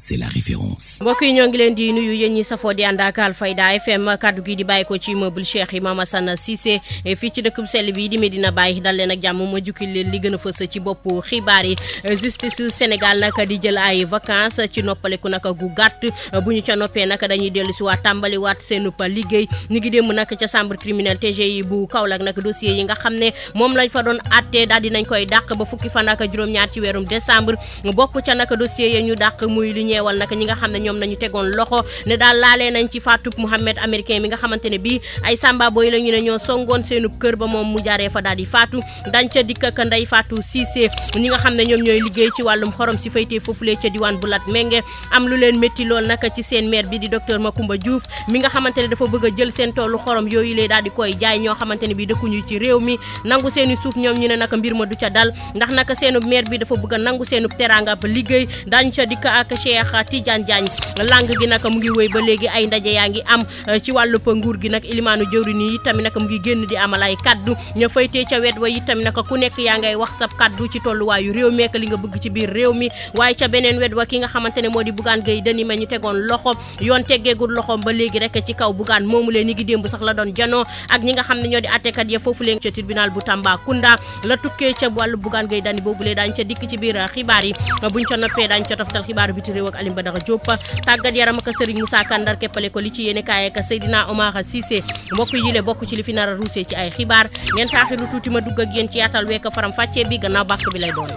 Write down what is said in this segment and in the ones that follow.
c'est la référence. mbokk yi ñoo ngi leen di nuyu yéen ñi safoo di ànd ak Alfayda FM kaddu gi di bàyyi ko ci immeuble Cheikh Imam Assane Cissé fii ci dëkk sell bi di Medina Baye dal leen ak jàmm ma jukki li gën a ci bopp xibaar yi justice Sénégal nag di jël ay vacances ci noppaleku nag gu gàtt bu ñu ca noppee nag dañuy dellu si waat tàmbaliwaat seen pa liggéey ñu ngi démb nag ca chambre criminelle TGI bu Kaolack nag dossier yi nga xam ne moom lañ fa doon àttee daal dinañ koy dàq ba fukki fan juróom-ñaar ci weerum yi ñeewal nag ñi nga xam ne ñoom nañu tegoon loxo ne daal laalee nañ ci faatub Mouhamed américain mi nga xamante ne bii ay samba boy la ñu ne ñoo songoon seenub kër ba moom mu jaaree fa daal di faatu dañ ca dikk ak nday faatu Cissé ñi nga xam ne ñoom ñooy liggéey ci wàllum xorom a a Cheikh Tidiane Diagne lang gi nag mu ngi wéy ba léegi ay ndaje yaa ngi am eh, ci wàllub nguur gi nag ilimaanu jëwriñ yi tamit nag mu ngi di amal ay kaddu ña faytee ca wet wa itam nag ku nekk yaa ngay wax sab kaddu ci tolluwaayu réew mi ak li nga bëgg ci biir réew mi waaye ca beneen wet wa ki nga xamante ne moo di Bougane Gueye Dany ma ñu tegoon loxo yoon teggeegul loxoom ba léegi rek ci kaw Bougane moomu leen ni ngi démb sax la doon janoo ak ñi nga xam ne ñoo di attekat ya foofu leen ca tribunal bu Tambacounda la tukkee ca wàllu Bougane Gueye Dany boobu lee daañ ca dikk ci biir xibaar yi buñ ca noppee daañ ca toftal xibaaru biti réew ak Alioune Badara Diop tàggat yaram ak Serigne Moussa Kandar keppale ko li ci yéene kaay ak Seydina Omar Cissé mbokk yi bokk ci li fi nar a ci ay xibaar ngeen taaxilu tuuti ma dugg ak yéen ci yaatal wekk faram fàccee bi gannaaw bàkk bi lay doon.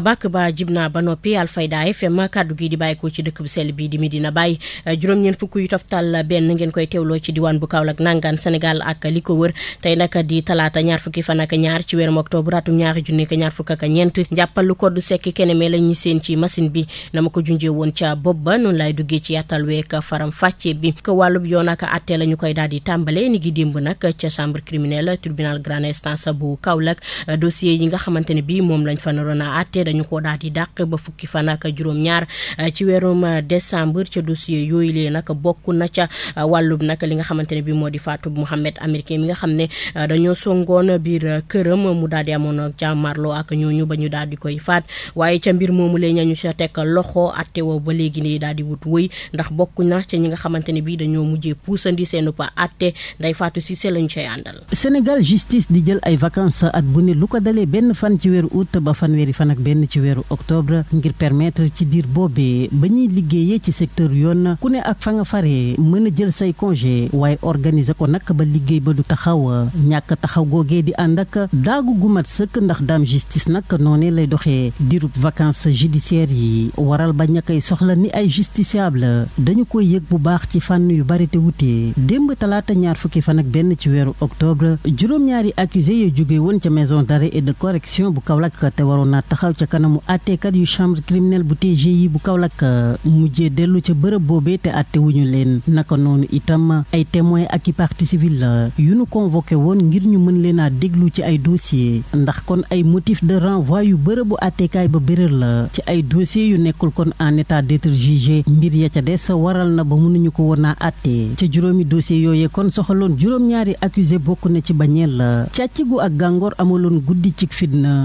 bàkk ba jib naa ba noppi Alfayda FM kàddu gi di bàyyeekoo ci dëkk bu sell bi di Medina Baye juróom-ñeent fukk yu toftal benn ngeen koy teewloo ci diwaan bu Kaolack nangaan Sénégal ak li ko wër tey nag di talaata ñaar fukki fan ak ñaar ci weerum octobre atum ñaari junni ak ñaar fukk ñeent la ñu ci machine bi na ko junjee woon ca bopp ba noonu laay duggee ci yàttal week faram fàccee bi ko wàllub yoon ak àtte la ñu koy daal di tàmbale ni gi nag ca chambre criminelle tribunal grande instance bu Kaolack dossier yi nga xamante bi moom lañ a Cissé dañu ko daal di dàq ba fukki fan ak juróom-ñaar eh, ci weerum eh, décembre ca dossier yooyu lee nag bokk na ca eh, wàllub nag li nga xamante ne bii moo di faatu Mouhamed américain mi nga xam ne dañoo songoon biir këram mu daal di amoon jàmmarloo ak ñooñu ba ñu daal di koy faat waaye ca mbir moomu lee ñu sa teg loxo atte woo ba léegi nii daal di wut wëy ndax bokk na ca ñi nga xamante ne bii dañoo mujjee puusandi seenu pa atte nday faatu Cissé lañu cay àndal. Sénégal justice di jël ay vacances at bu ne lu ko dalee benn fan ci weeru août ba fanweeri fan ak benn ci weeru octobre ngir permettre ci diir boobee ba ñuy liggéeyee ci secteur yoon ku ne ak fa nga faree mën a jël say congé waaye organiser ko nag ba liggéey ba du taxaw ñàkk taxaw googee di ànd ak daagu gu mat sëkk ndax daam justice nag noonee lay doxee diirub vacances judiciaires yi waral ba ña koy soxla ni ay justiciable dañu koy yëg bu baax ci fànn yu bari te wutee démb talaata ñaar fukki fan ak benn ci weeru octobre juróom-ñaari accusé woon ca maison de correction bu taxaw ca kanamu àtteekat yu chambre criminelle bu TGI bu Kaolack euh, mujjee dellu ca bërëb boobee te àtte wuñu leen naka noonu itam ay témoins ak i partie civile euh, yu nu convoqué woon ngir ñu mën leen a déglu ci ay dossier ndax kon ay motif de renvoi yu bërëbu àtteekaay ba bérél la euh, ci ay dossier yu nekkul kon en état d'être jugé mbir ya ca des waral na ba mënuñu ko woon a àtte ca juróomi dossier yooyee kon soxaloon juróom-ñaari accusé bokk na ci ba la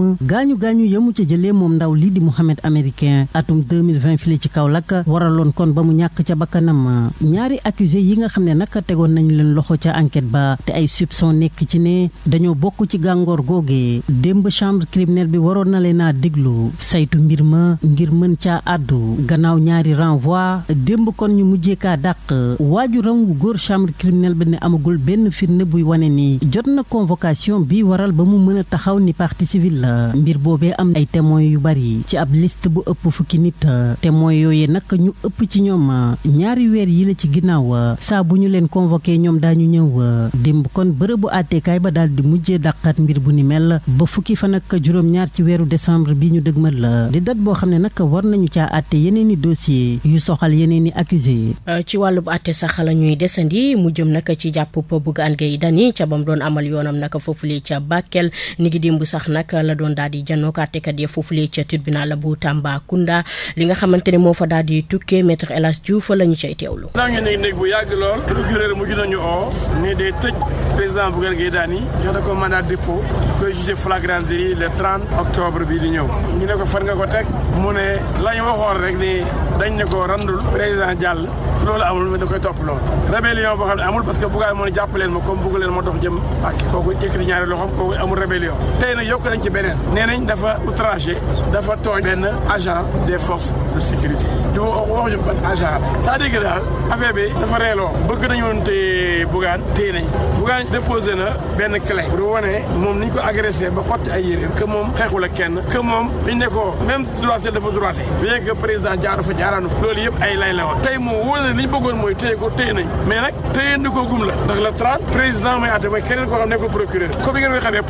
jàmm gaañu gaañu yamu ca jëlee moom ndaw lii di Mohamed américain atum 2020 file ci Kaolack waraloon kon ba mu ñàkk ca bakkanam ñaari accusé yi nga xam ne nag tegoon nañu leen loxo ca enquête ba te ay soupçon nekk ci ne dañoo bokk ci gàngoor googee démb chambre criminelle bi waroon na leen déglu saytu mbir ma ngir mën caa àddu gannaaw ñaari renvoi démb kon ñu mujjee kaa dàq waajuram wu góor chambre criminelle bi ne amagul benn firne buy wane ni jot na convocation bi waral ba mu mën a taxaw ni partie civile la Euh, mbir boobee am ay témoins yu bari ci ab liste bu ëpp fukki nit te euh, témoins yooyee nag ñu ëpp ci ñoom euh, ñaari weer yi la ci ginnaaw saa bu ñu leen convoqué ñoom daañu ñëw démb kon bërëbu àtteekaay ba daal di mujjee dàqaat mbir bu ni mel ba fukki fan ak juróom-ñaar ci weeru décembre bi ñu dëgmal la di date boo xam ne nag war nañu ca àtte yeneen i dossier yu soxal yeneen i accusé ci wàllu bu àtte sax la ñuy desandi mu jëm nag ci jàpp Bougane Gueye Dany doon daal di janoo ak àttekat ya foofulee ca tribunal bu Tambacounda li nga xamante ne moo fa daal di tukkee maître El Hadj Diouf la ñu cay teewlu. naa ngi nekk néeg bu yàgg lool. procureur mujj nañu oo ni day tëj président Bougane Gueye Dany jox na ko mandat dépôt di koy jugé flagrant délit le 30 octobre bii di ñëw. ñu ne ko fan nga ko teg mu ne la ñu waxoon rek ni dañ ne ko randul président Diall loolu amul mais da koy topp loolu. rébellion boo xam ne amul parce que Bougane moo ne jàpp leen ma comme bugg leen ma dox jëm ak kooku yëkkati ñaari loxoom kooku amul rébellion tey nag yokk nañ ci beneen leneen nee nañ dafa outragé dafa tooñ benn agent des forces de sécurité du wax ñu ban agent cest à daal affaire bi dafa reeloo bëgg nañoon te Bougane téye nañ Bougane benn clé pour wane moom ni ñu ko agressé ba xotti ay président jaaru fa jaaraanu loolu yëpp ay lay woon tey moom wóor na li ñu bëggoon mooy téye ko téye nañ mais nag téye ni ko gum la ndax le 30 président mooy atte mooy keneen koo xam nekkul procureur comme ni ngeen xamee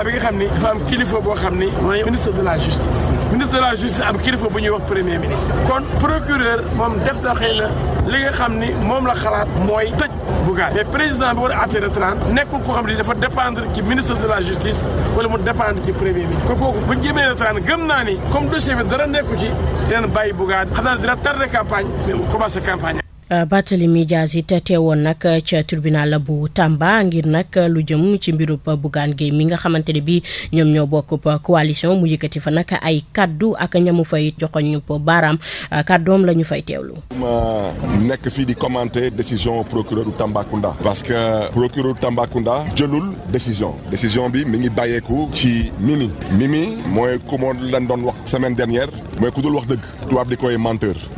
état bi nga xam ni dafa am kilifa boo xam ni mooy ministre de la justice ministre de la kilifa bu ñuy wax premier ministre kon procureur moom def na xëy la li nga xam ni moom la xalaat mooy tëj Bougane mais président bi war a attiré 30 ko xam ni dafa dépendre ci ministre de la justice wala mu dépendre ci premier ministre kon kooku bu ñu jëmee le 30 gëm naa ni comme dossier bi dara nekku ci dinañ bàyyi Bougane xam naa dina tardé campagne mais mu campagne Euh, Barthélémy Dias it teewoon nag euh, ca tribunal bu Tamba ngir nag euh, lu jëm ci mbirub Bougane Gueye mi nga xamante ne bi ñoom ñoo bokk coalition mu yëkkati fa nag ay kaddu ak ñamu fay joxoñ baaraam kaddoom la ñu fay teewlu. ma nekk fii di commenter décision procureur du Tambacounda. parce que procureur du Tambacounda jëlul décision décision bi mi ngi bàyyeeku ci Mimi. Mimi mooy ku moo leen doon wax semaine dernière mooy ku dul wax dëgg. tubaab di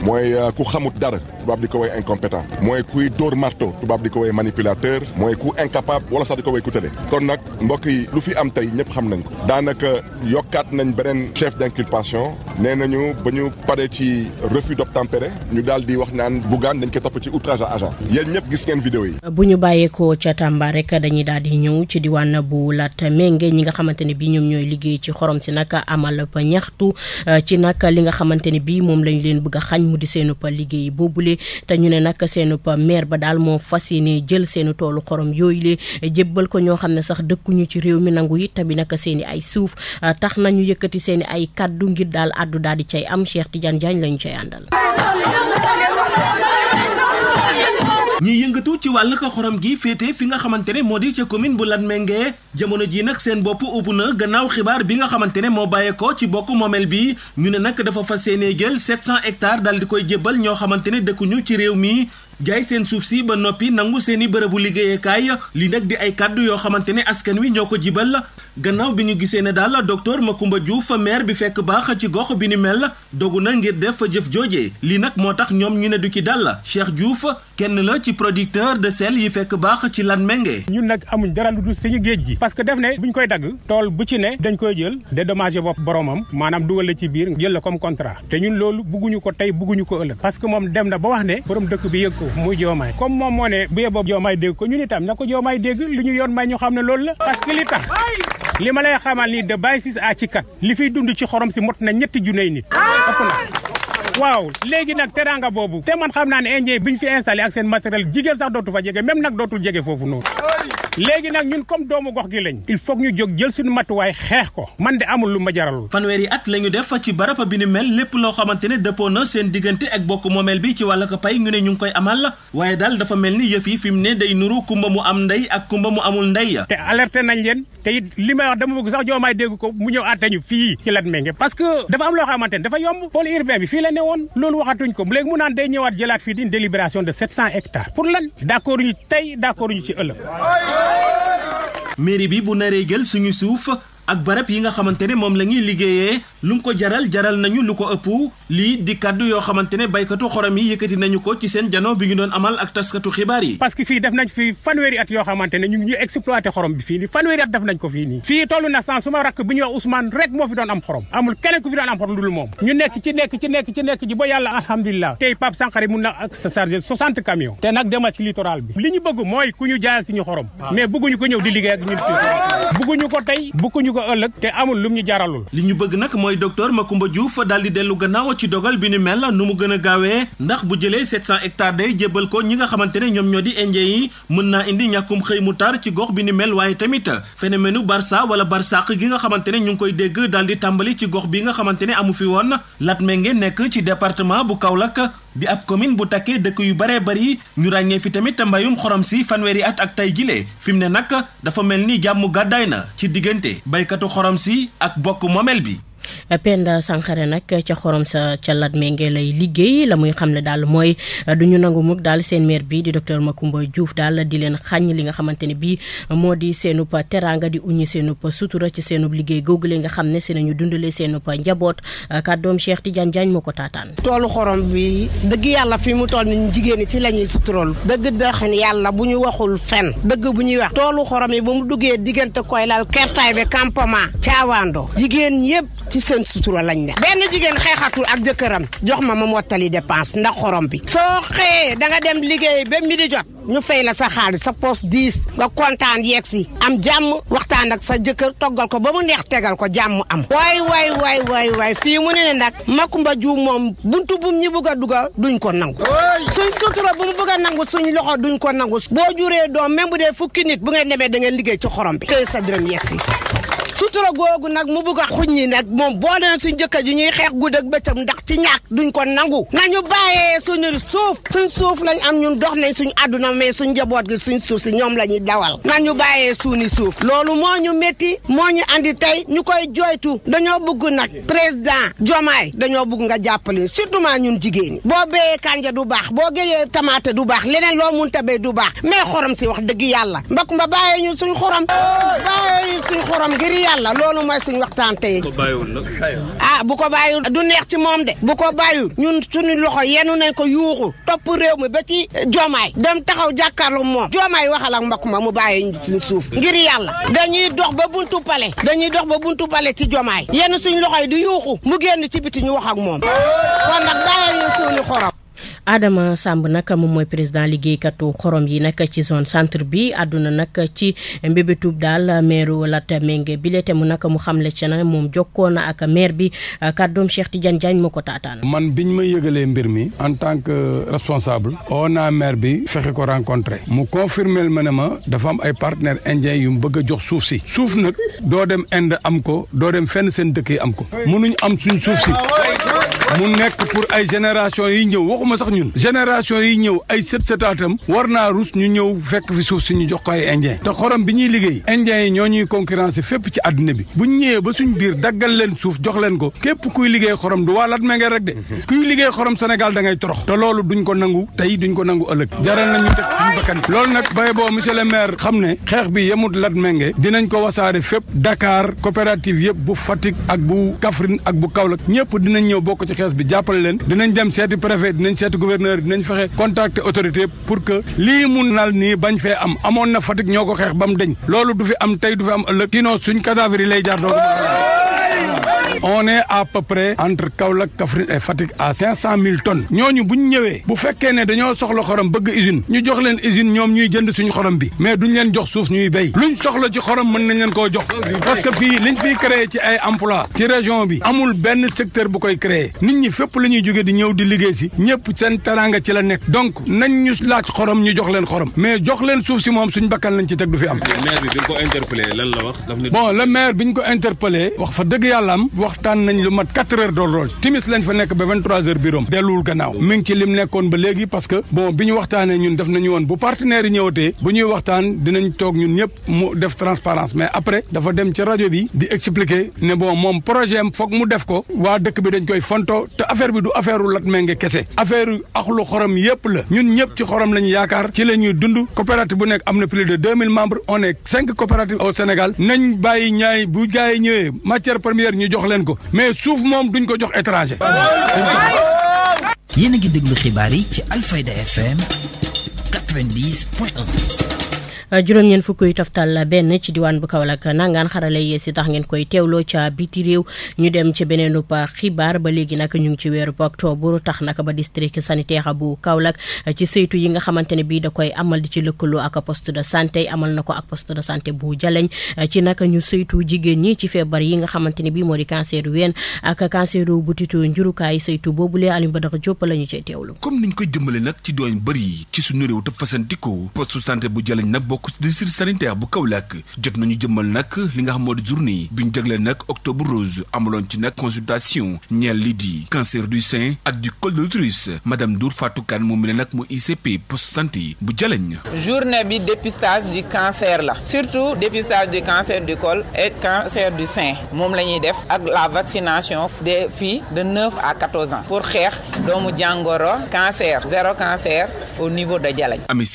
mooy ku xamut dara incompétent mooy kuy dóor marteau tubaab di ko woy manipulateur mooy ku incapable wala sax di ko woy ku tële kon nag mbokk yi lu fi am tey ñëpp xam nañ ko daanaka yokkaat nañ beneen chef d'inculpation nee nañu ba ñu paree ci refus d'obtempérer ñu daal wax naan Bougane dañ koy topp ci outrage agent yéen ñëpp gis ngeen vidéo yi. bu ñu bàyyeekoo ca Tamba rek dañuy daal di ñëw ci diwaan bu Latmingué ñi nga xamante ne bii ñoom ñooy liggéey ci xorom si nag amal pa ñaxtu euh, ci nag li nga xamante ne bii moom lañ leen bëgg a xañ mu di seenu pa liggéey boobule te ñu ne nag seenu pa maire ba daal moo fas yéene jël seenu toolu xorom yooyu lee jébbal ko ñoo xam ne sax dëkkuñu ci réew mi nangu it tamit nag seen ay suuf euh, tax i ay kaddu ngir addu daal di cay am Cheikh Tidiane Diagne lañu cay àndal. ñi yëngatu ci wàll ko xorom gi féete fi nga xamante ne moo di ca commune bu Latmingué jamono ji nag seen bopp ubbu na gannaaw xibaar bi nga xamante ne moo bàyyeekoo ci bokk moomeel bi ñu ne nag dafa fa yéenee jël 700 hectares daal di koy jébbal ñoo xamante ne dëkkuñu ci réew mi jaay seen suuf si ba noppi nangu seeni i bërëbu liggéeyekaay li nag di ay kàddu yoo xamante ne askan wi ñoo ko jibal gannaaw bi ñu gisee ne daal docteur Macoumba Diouf maire bi fekk baax ci gox bi ni mel dogu na ngir def fa jëf joojee lii nag moo tax ñoom ñu ne du ci dal Cheikh Diouf kenn la ci producteur de sel yi fekk baax ci lan menge. ñun nag amuñ dara lu dul ñu géej gi. parce que def ne buñ koy dagg. tool bu ci ne dañ koy jël dédommagé bopp boromam maanaam dugal la ci biir jël la comme contrat te ñun loolu bugguñu ko tey bugguñu ko parce que moom dem na ba wax ne borom dëkk bi yëg mu joomaay comme moom moo ne bu yeboo joomaay dégg ko ñun itam na ko joomaay dégg lu ñu yoon may ñu xam ne loolu la parce que li tax li ma lay xamal ni de bàyyi a à ci kat li fiy dund ci xorom si mot na ñetti junni nit ëpp na waaw léegi nag teranga boobu te man xam naa ne indien bi ñu fi installé ak seen matériel jigéen sax dootu fa jege même nag dootul jege foofu noonu léegi nag ñun comme doomu gox gi lañ il faut ñu jóg jël suñu matuwaay xeex ko man de amul lu ma jaralul fanweeri at la ñu def ci barab bi ni mel lépp loo xamante ne dëppoo na seen diggante ak bokk moomeel bi ci wàll ko pay ñu ne ñu ngi koy amal la waaye daal dafa mel ni yëf yi fi mu ne day nuru kumba mu am ndey ak kumba mu amul ndey te alerte nañ leen te it li may wax dama bëgg sax joomaay dégg ko mu ñëw àtte ñu fii ci Latmingué parce que dafa am loo xamante ne dafa yomb pôle urbain woon loolu waxatuñ ko léegi mu naan day ñëwaat jëlaat fii di une délibération de 700 hectares pour lan d'accord tey d'accord ñu ci ëllëg mairie bi bu naree jël suñu suuf ak barab yi nga xamante ne moom la ñuy liggéeyee lu mu ko jaral jaral nañu lu ko ëpp lii di kaddu yoo xamante ne baykatu xorom yi yëkkati nañu ko ci seen jano bi ñu doon amal ak taskatu xibaar yi parce que fii def nañ fi fanweeri at yoo xamante ne ñu ngi xorom bi fii nii fanweeri at def nañ ko fii nii fii toll na san suma rakk bi ñuy wax Ousmane rek moo fi doon am xorom amul keneen ku fi doon am xorom dul moom ñu nekk ci nekk ci nekk ci nekk ci ñu ko te amul lum ñu jaralul li ñu bëgg nag mooy docteur Macoumba Diouf daal di dellu gannaaw ci dogal bi nu mel nu mu gën a gaawee ndax bu jëlee 700 hectares day jébbal ko ñi nga xamante ne ñoom ñoo di indien yi mën naa indi ñàkkum xëy mu tar ci gox bi nu mel waaye tamit phénomène u barça wala barsàq gi nga xamante ne ñu ngi koy dégg daal di tàmbali ci gox bi nga xamante ne amu fi woon Latmingué nekk ci département bu Kaolack di ab commune bu takkee dëkk yu baree bari ñu ràññee fi tamit mbayum xorom si fanweeri at ak tay jile fi mu ne nag dafa mel ni jàmm gàddaay na ci diggante baykatu xorom si ak bokk momeel bi Penda Sankharé nag ca xorom sa ca Latmingué lay liggéey la muy xam ne daal mooy du ñu nangu mukk daal seen maire bi di ma Macoumba juuf daal di leen xàññ li nga xamante ne bii moo di seenub teraanga di uñi seenub sutura ci seenub liggéey googu li nga xam ne si nañu dundalee seenub njaboot kàddoom Cheikh Tidiane Diagne moo ko taataan. toolu xorom bi dëgg yàlla fi mu toll nii jigéen ñi ci la ñuy sutural dëgg dëxin yàlla bu ñu waxul fen dëgg bu ñuy wax toolu xorom yi ba mu duggee diggante koy laal kertaay bi campement caawaando jigéen yëpp ci seen sutura lañ ne benn jigéen xeexatul ak jëkkëram jox ma ma mottali dépense ndax xorom bi soo xëyee da nga dem liggéey ba mi di jot ñu fay la sa xaalis sa poos diis nga kontaan yeeg si am jàmm waxtaan ak sa jëkkër toggal ko ba mu neex tegal ko jàmm am waay waay waay waay waay fii mu ne ne nag Makumba Juum moom buntu bu ñu bëgg a dugal duñ ko nangu suñ sutura bu mu bëgg a nangu suñ loxo duñ ko nangu boo juree doom même bu dee fukki nit bu ngeen demee da ngeen liggéey ci xorom bi tey sa dërëm yeeg si sutura googu nag mu bugg a xuñ ñi nag moom boo nee suñ jëkkër ñuy xeex guddi ak bëccëg ndax ci ñàkk duñ ko nangu nañu bàyyee suñu suuf suñ suuf lañ am ñun dox nañ suñu àdduna mais suñ njaboot gi suñ suuf si ñoom la ñuy dawal nañu bàyyee suñu suuf loolu moo ñu metti moo ñu andi tey ñu koy jooytu dañoo bëgg nag président Diomaye dañoo bëgg nga jàppale surtout maa ñun jigéen ñi boo béyee kanja du baax boo géyee tamaate du baax leneen loo mun tabee du baax mais xorom si wax dëgg yàlla mbokk yàlla loolu mooy suñu waxtaan tey ah bu ko bàyyiwul du neex ci moom de bu ko bàyyiwul ñun suñu loxo yenu nañ ko yuuxu topp réew mi ba ci joomaay dem taxaw jàkkaarlu moom joomaay waxal ak mbokk ma mu bàyyi ñu suuf ngir yàlla dañuy dox ba buntu pale dañuy dox ba buntu pale ci joomaay yenn suñu loxo yi di yuuxu mu génn ci biti ñu wax ak moom kon nag bàyyi ñu suñu xorom Adama Samb nag moom mooy président liggéeykatu xorom yi nag ci zone centre bi àdduna nag ci mbébétub daal meeru Latmingué bi la te mu nag mu xamle ci na moom jokkoo na ak maire bi kàddoom Cheikh Tidiane Diagne moo ko taataan. man biñ ma yëgalee mbir mi en tant que responsable. oo naa bi fexe ko rencontré. mu confirmé ma ne ma dafa am ay partenaires indiens yu mu bëgg a jox suuf si. suuf nag doo dem Inde am ko doo dem fenn seen dëkk yi am ko. mënuñ am suñ suuf si. mu nekk pour ay génération yi ñëw waxuma sax ñun génération yi ñëw ay sët sëtaatam war naa rus ñu ñëw fekk fi suuf si ñu jox ko ay indien te xorom bi ñuy liggéey indien yi ñoo ñuy concurrencé fépp ci àdduna bi bu ñu ñëwee ba suñ biir daggal leen suuf jox leen ko képp kuy liggéey xorom du waalaat menge rek de mhm. kuy liggéey xorom Sénégal da ngay torox te loolu duñ ko nangu tey duñ ko nangu ëllëg jaral nañu teg suñu bakkan loolu nag bay boo monsieur le xam ne xeex bi yemut lat menge dinañ ko wasaare fépp Dakar coopérative yëpp bu Fatick ak bu Kaffrine ak bu Kaolack ñëpp dinañ ñëw bokk ci xeex bi jàppale dinañ seeti gouverneur dinañ fexe contacter autorité pour que lii mun nal ni bañ fee am amoon na Fatick ñoo ko xeex ba mu deñ loolu du fi am tey du fi am ëllëg sinon suñ cadavre yi lay jaar doo on à peu près entre Kaolack Kaffrine et Fatick à cinq cent mille tonnes ñooñu bu ñu ñëwee bu fekkee ne dañoo soxla xorom bëgg usine ñu jox leen usine ñoom ñuy jënd suñu xorom bi mais duñ leen jox suuf ñuy béy luñ soxla ci xorom mën nañ leen koo jox parce que fii ñu fiy créé ci ay emploi ci région bi amul benn secteur bu koy créé nit ñi fépp la ñuy jóge di ñëw di liggéey si ñëpp seen teraanga ci la nekk donc nañ ñu laaj xorom ñu jox leen xorom mais jox leen suuf si moom suñ bakkan lañ ci teg du fi am bon le maire bi ñu ko interpellé wax fa dëgg yàlla waxtaan nañ lu mat quatre heures d'or rose timis lañ fa nekk ba vingt trois heures biroom delluwul gannaaw mi ngi ci lim nekkoon ba léegi parce que bon bi ñu waxtaanee ñun def nañu woon bu partenaire yi ñëwatee bu ñuy waxtaan dinañ toog ñun ñëpp mu def transparence mais après dafa dem ci rajo bi di expliquer ne bon moom projet foog mu def ko waa dëkk bi dañ koy fonto te affaire bi du affaire u Latmingué kese affaire yu axlu xorom yëpp la ñun ñëpp ci xorom lañu yaakaar ci la ñuy dund coopérative bu nekk am na plus mille membres on est cinq coopératives au Sénégal nañ bàyyi ñaay bu jaay ñëwee matière première ñu jox leen ko mais suuf moom duñ ko jox étranger. yéen a ngi déglu xibaar yi ci Alfayda FM 90 juróom-ñeent fukk yu taftal benn ci diwaan bu Kaolack nangaan xarale yi tax ngeen koy teewloo ca biti réew ñu dem ci beneenub xibaar ba léegi nag ñu ngi ci weerub octobre tax naka ba district sanitaire bu Kaolack ci saytu yi nga xamante ne bii da koy amal di ci lëkkaloo ak poste de santé amal na ko ak poste de santé bu Jaleñ ci naka ñu saytu jigéen ñi ci feebar yi nga xamante ne bii moo di cancer ween ak cancer butitu njurukaay saytu boobule Alioune Badara Diop la ñu cay teewlu. comme niñ koy jëmale nag ci doon bëri ci suñu bokk bu sir sanitaire bu Kaolack jot nañu jëmmal nag li nga xam moo di journée bi ñu jagleel nag octobre rose amaloon ci nag consultation ñeel li di cancer du sein ak du col de l'utérus madame Dour Fatou Kane moom mi la nag mu ICP poste santé bu Jalañ. journée bi dépistage du cancer la surtout dépistage du cancer du col et cancer du sein moom la ñuy def ak la vaccination des filles de 9 à 14 ans pour xeex doomu jàngoro cancer zéro cancer au niveau de Jalañ. Ami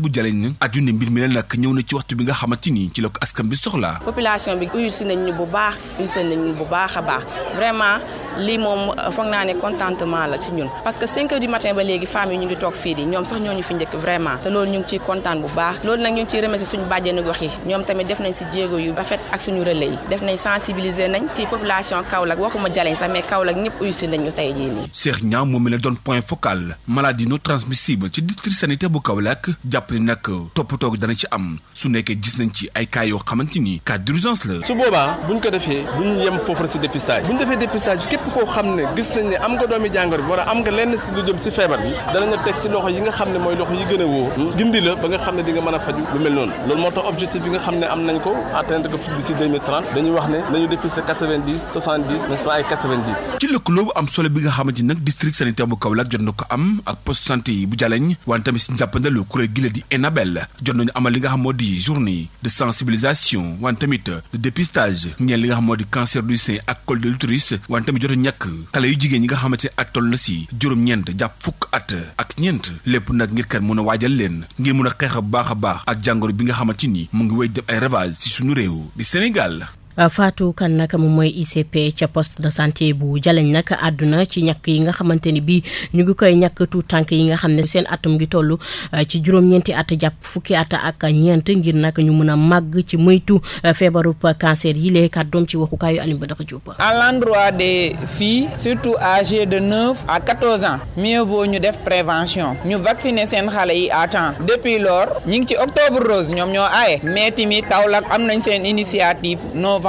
bu jaleñ na aju ne mbir mi la nag ñëw na ci waxtu bi nga xamante nii ci la ko askan bi soxlaa population bi uyu si nañ ñu bu baax uyu si nañ bu baax a baax vraiment lii moom euh, foog naa ne contentement la ci ñun parce que 5 heures du matin ba léegi femmes yi ñu ngi toog fii di ñoom sax ñoo fi njëkk vraiment te loolu ñu ngi ciy bu baax loolu nag ñu ngi ciy remercier suñu bàjjenu gox yi ñoom tamit def nañ si jéego yu rafet ak suñu relais yi def nañ sensibiliser nañ ci population Kaolack waxuma jaleñ sax mais Kaolack ñëpp uyu si nañ tey jii nii Cheikh Niang moom mi la doon point focal maladie non ci district am su nekkee gis nañ ci ay yoo xamante ni cas d'urgence la su boobaa képp koo xam ne gis nañ ne am nga doomi jàngoro bi war a am nga lenn si lu jëm si feebar bi danañu teg si loxo yi nga xam ne mooy loxo yi gën a wóor gindi la ba nga xam ne di nga mën a faju lu mel noonu loolu moo tax objectif bi nga xam ne am nañ ko atteindre ko d'ici 2030 dañuy wax ne nañu dépister 90 70 n'est-ce pas ay ci lëkkaloo bu am solo bi nga xamante nag district sanitaire bu Kaolack jot na ko am ak poste santé yi bu Jaleñ wante tamit si njàppandalu kuréel gi xam moo di journée de sensibilisation wante tamit de dépistage li nga xam moo di cancer du sein ak col jot a ñàkk xale yu jigéen ñi nga xamante at toll na si juróom-ñeent jàpp fukk at ak ñeent lépp nag ngir kat mun a waajal leen ngir mun a xeex a baax a baax ak jàngoro bi nga xamante ni mu ngi woy def ay ravage si suñu réew di Sénégal Euh, Fatou Kane nag moom mooy ICP ca poste de santé bu Jalañ nag àdduna ci ñàkk yi nga xamante ni bii ñu ngi koy ñakk tuut tànk yi nga xam ne seen atum ngi toll euh, ci juróom-ñeenti at jàpp fukki at ak ñeent ngir nag ñu mën a mag ci moytu euh, feebarub cancer yi lee kàddoom ci waxukaayu Alioune Badara Diop. à l'endroit des filles surtout de 9 à 14 ans mieux vaut ñu def prévention ñu vacciner seen xale yi à temps depuis lors ñu ngi ci octobre rose ñoom ñoo aaye mais tamit Kaolack am nañ seen initiative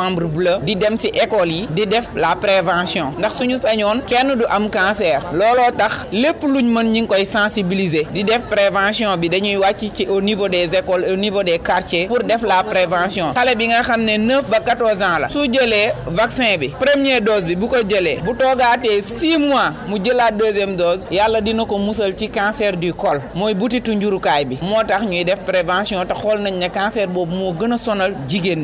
novembre bleu di dem ci école yi di def la prévention ndax suñu sañoon kenn du am cancer looloo tax lépp luñ mën ñi ngi koy sensibiliser di def prévention bi dañuy wàcc ci au niveau des écoles au niveau des quartiers pour def la prévention xale bi nga xam ne 9 ba 14 ans la su jëlee vaccin bi premier dose bi bu ko jëlee bu toogaatee 6 mois mu jëlaat deuxième dose yàlla dina ko musal ci cancer du col mooy butitu njurukaay bi moo tax ñuy def prévention te xool nañ ne cancer boobu moo gën sonal jigéen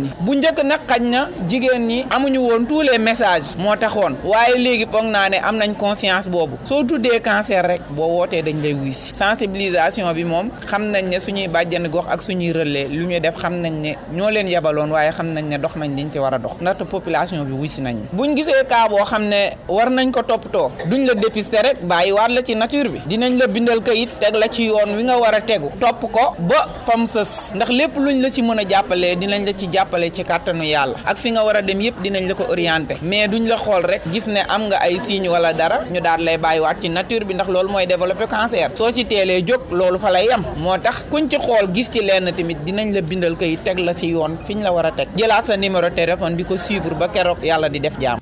ñi a jigéen ñi amuñu woon tous les messages moo taxoon waaye léegi foog naa ne am nañ conscience boobu soo tuddee cancer rek boo wootee dañ lay wuy si sensibilisation bi moom xam nañ ne suñuy bàjjani gox ak suñuy relais lu ñuy def xam nañ ne ñoo leen yebaloon waaye xam nañ ne dox nañ liñ ci war a dox ndaxte population bi wuy nañ nañ buñ gisee cas xam ne war nañ ko toppatoo duñ la dépister rek bàyyi waat la ci nature bi dinañ la bindal kayit teg la ci yoon wi nga war a tegu topp ko ba fam sës ndax lépp luñ la ci mën a jàppalee dinañ la ci jàppale ci kàttanu ak fi nga war a dem yëpp dinañ la ko orienté mais duñu la xool rek gis ne am nga ay signe wala dara ñu daal lay bàyyiwaat ci nature bi ndax loolu mooy développé cancer soo ci teelee jóg loolu fa lay yem moo tax kuñ ci xool gis ci lenn tamit dinañ la bindal kay teg la si yoon fi ñu la war a teg jëlaat sa numéro téléphone di ko suivre ba keroog yàlla di def jaam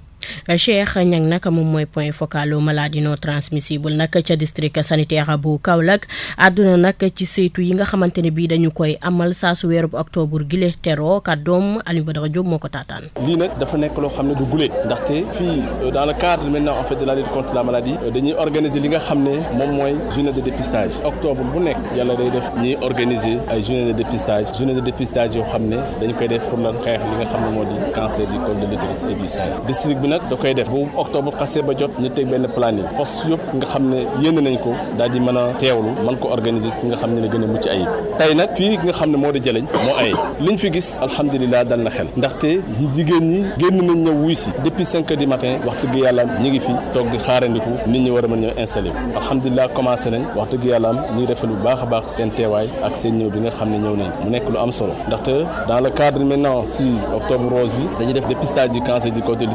Cheikh Niang nag moom mooy point focal maladie non transmissible nag ca district sanitaire bu Kaolack àdduna nag ci saytu yi nga xamante ne bii dañu koy amal saa su weerub octobre gile teroo kàddoom Alioune Badara Diop moo ko taataan. lii nag dafa nekk loo xam ne du guléet ndaxte fii euh, dans le cadre maintenant en fait de la lutte contre la maladie euh, dañuy li nga xam ne moom mooy journée de dépistage octobre bu nekk yàlla day def ñuy organiser ay journée de dépistage journée de dépistage yoo xam ne dañ koy def pour xam ne moo di cancer du col de da koy def bu octobre xasee ba jot ñu teg benn planning poste yëpp nga xam ne yéene nañ ko daal di mën a teewlu mën ko organiser ki nga xam ne ne gën a mucc ay tey nag fii ki nga xam ne moo di jëleñ moo ay ñu fi gis alhamdulilah dal na xel ndaxte jigéen ñi génn nañ ñëw wuy si depuis cinq di matin wax dëgg yàlla ñi ngi fi toog di xaarandiku nit ñi war a mën ñëw installé bi alhamdulilah commencé nañ wax dëgg yàlla ñuy refal lu baax a baax seen teewaay ak seen ñëw bi nga xam ne ñëw nañ mu nekk lu am solo ndaxte dans le cadre maintenant si octobre rose bi dañuy def dépistage du cancer du col de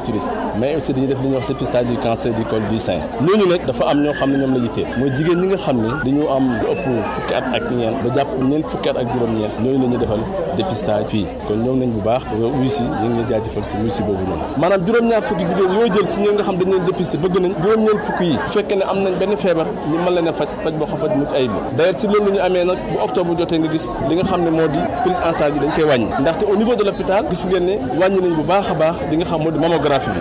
mais aussi dañuy def li ñuy wax am ñoo xam ne ñoom la yittee mooy jigéen ñi nga xam ne dañu am lu ëpp fukki at ak ñeent ba jàpp ñeent fukki at ak juróom-ñeent ñooñu la ñuy defal dépistage fii ñaar fukki jigéen yooyu jël si ñoo nga xam dañ leen bëgg nañ juróom-ñeent fukki yi fekkee ne am nañ benn feebar ñu mën a faj faj boo xam nga xam ne moo di prise en charge yi dañ koy wàññi ndaxte au niveau de l'hôpital gis ngeen ne wàññi nañ bu baax a baax li xam moo di mammographie bi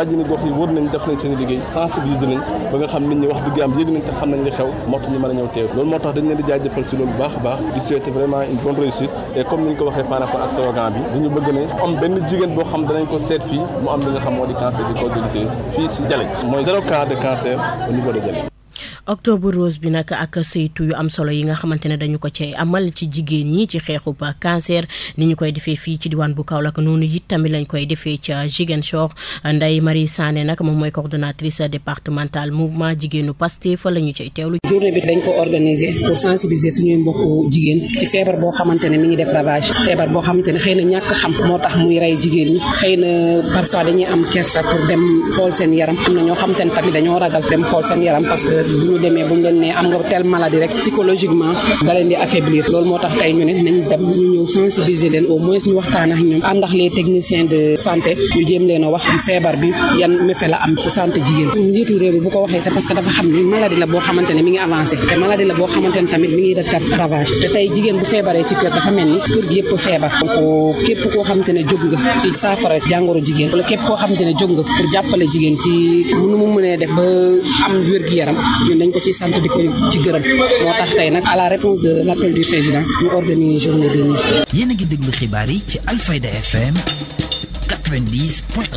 bàjjini gox yi wër nañ def nañ seen liggéey sensibiliser nañ ba nga xam nit ñi wax dëgg am yëg nañ te xam nañ li xew moo tax ñu mën a ñëw teew loolu moo tax dañ leen si loolu baax a baax di souhaiter vraiment une bonne réussite et comme ni ñu ko waxee par rapport ak slogan bi dañu bëgg ne am benn jigéen boo xam danañ ko seet fii mu am li nga xam moo di cancer du col de l'utérus fii si Dialeg mooy zéro de cancer au niveau de Dialeg octobre rose bi nag ak saytu yu am solo yi nga xamante ne dañu ko cay amal ci jigéen ñi ci xeexu xeexub cancer ni ñu koy defee fii ci diwaan bu Kaolack noonu it tamit lañ koy defee ca Ziguinchor Ndeye Marie Sané nag moom mooy coordonnatrice départementale mouvement jigéenu Pastef la ñu cay teewlu. journée bi dañ ko organiser pour sensibiliser suñuy mbokku jigéen ci feebar boo xamante ne mi ngi def ravage feebar boo xamante ne xëy na ñàkk xam moo tax muy rey jigéen ñi xëy na parfois dañuy am kersa pour dem xool seen yaram am na ñoo xamante ne tamit dañoo ragal dem xool seen ñu demee bu ñu leen nee am nga tel maladie rek psychologiquement da leen di affaiblir loolu moo tax tey ñu ne nañ dem ñu ñëw sensibiliser leen au moins ñu waxtaan ak ñoom àndax les techniciens de santé ñu jéem leen a wax feebar bi yan méfe la am ci santé jigéen njiitu réew bi bu ko waxee c'est parce que dafa xam ni maladie la boo xamante ne mi ngi avancé te maladie la boo xamante ne tamit mi ngi def kat ravage te tey jigéen bu feebaree ci kër dafa mel ni kër yëpp feebar donc képp koo xamante ne jóg nga ci saafara jàngoro jigéen wala képp koo xamante ne jóg nga pour jàppale jigéen ci nu mu mënee def ba am wér yaram dañ ko ci sant di ko ci gërëm moo tax tey nag à la réponse de l'appel du président ñu organiser journée bi nii. yéen a ngi déglu xibaar yi ci Alfayda FM 90 point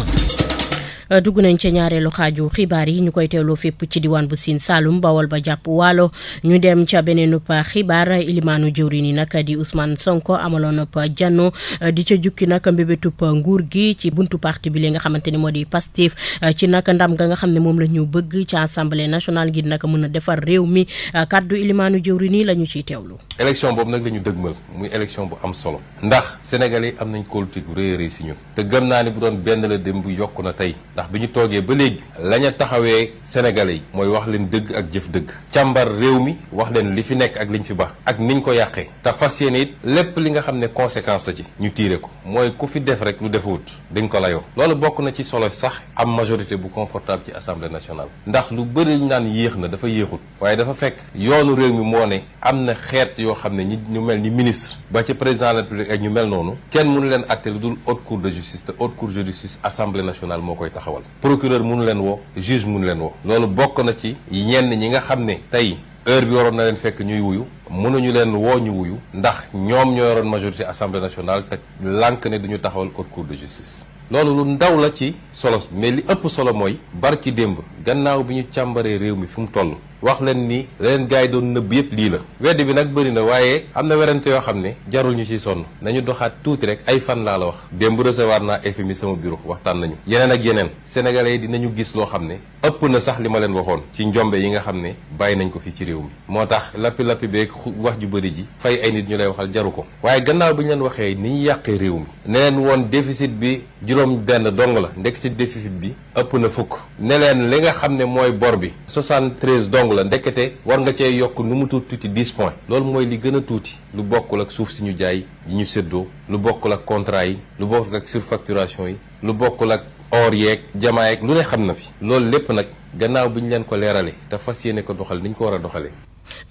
Euh, dugg nañ ca ñaareelu xaaju xibaar yi ñu koy teewloo fépp ci diwaan bu siin Saalum Bawol ba jàpp waalo ñu dem ca beneen pa xibaar ilimaanu jëwriñ yi nag di usmaan Sonko amaloon pa janno euh, di ca jukki nag mbébétub nguur gi ci buntu parti bi li nga xamante ni moo di Pastef euh, ci nag ndam ga nga xam ne moom la ñu bëgg ca assemblée nationale gi nag mën a defar réew mi kàddu ilimaanu jëwriñ yi la ñu ciy teewlu élection boobu nag la ñu dëgmal muy élection bu am solo ndax sénégalais yi am nañ politique bu rëy si ñun te gëm naa ni bu doon benn la dem bu yokku na tey ndax bi ñu toogee ba léegi la ñu taxawee sénégalais yi mooy wax leen dëgg ak jëf dëgg càmbar réew mi wax leen li fi nekk ak liñ fi baax ak niñ ko yàqee te fas yéene it lépp li nga xam ne conséquence la ñu tiire ko mooy ku fi def rek lu defut dañ ko layoo loolu bokk na ci solo sax am majorité bu confortable ci assemblée nationale ndax bëri ñu naan yéex na dafa yéexut waaye dafa yoonu réew mi moo ne am na xeet yoo xam ne ñi ñu mel ni ministre ba ci président la république ak ñu mel noonu kenn mënu leen atte lu dul haute cour de justice te haute cour de justice assemblée nationale moo koy taxawal procureur mënu leen woo juge mënu leen woo loolu bokk na ci ñenn ñi nga xam ne tey heure bi waroon na leen fekk ñuy wuyu ñu leen woo ñu wuyu ndax ñoom ñoo yoroon majorité assemblée nationale te lànk ne duñu taxawal haute cour de justice loolu lu ndaw la ci solos mais li ëpp solo mooy barki démb gannaaw bi ñu càmbaree réew mi fi mu toll wax leen ni la leen gars yi doon nëbb yëpp lii la weddi bi nag bëri waaye am na werante yoo xam ne jarul ñu ci sonn nañu doxaat tuuti rek ay fan laa la wax démb recevoir naa FMI sama bureau waxtaan nañu yeneen ak yeneen sénégalais yi dinañu gis loo xam ne ëpp na sax li ma leen waxoon ci njombe yi nga xam ne bàyyi nañ ko fii ci réew mi moo tax lappi-lappi beeg wax ju bëri ji fay ay nit ñu lay waxal jaru ko waaye gannaaw bi ñu leen waxee ni ñu yàqee réew mi ne woon déficit bi juróom benn dong la ndekk ci déficit bi ëpp na fukk ne leen li nga xam ne mooy bor bi 73 dong la ndekete war nga cee yokk nu mu tuuti tuuti 10 points loolu mooy li gën a tuuti lu bokkul ak suuf si ñu jaay yi ñu séddoo lu bokkul ak contrat yi lu bokkul ak surfacturation yi lu bokkul ak or yeeg jamaa yeeg lu ne xam na fi loolu lépp nag gannaaw bi ñu leen ko leeralee te fas yéene ko doxal ni ñu ko war a doxalee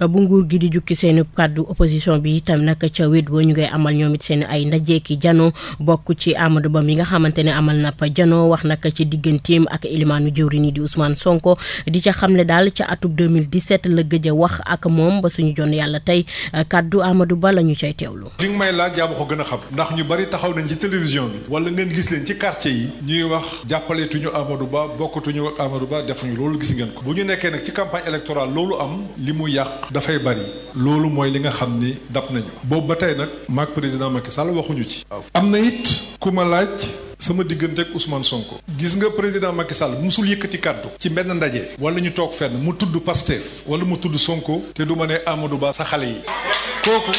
bu nguur gi di jukki seen kàddu opposition bi itam nag ca wet boo ñu ngay amal ñoom it seen ay ndajeeki jano bokk ci Amadou Ba mi nga xamante ne amal na pa jano wax nag ci digganteem ak élimaanu jëwriñ yi di Ousmane Sonko di ca xamle daal ca atub 2017 la gëj a wax ak moom ba suñu jon yàlla tey kàddu Amadou Ba la ñu cay teewlu. li nga may laaj yaa ma ko gën a xam ndax ñu bari taxaw nañ ci télévision bi wala ngeen gis leen ci quartier yi ñuy wax jàppaleetuñu Amadou Ba bokkatuñu Amadou Ba defuñu loolu gis ngeen loolu am li dafay bari loolu mooy li nga xam ni dab nañu boobu ba tey nag maak président Macky Sall waxuñu ci am na it ku ma laaj sama diggante ak Ousmane Sonko gis nga président Macky Sall musul yëkkati kàddu ci benn ndaje wala ñu toog fenn mu tudd Pastef wala mu tudd Sonko te du ma ne Amadou Ba sa xale yi kooku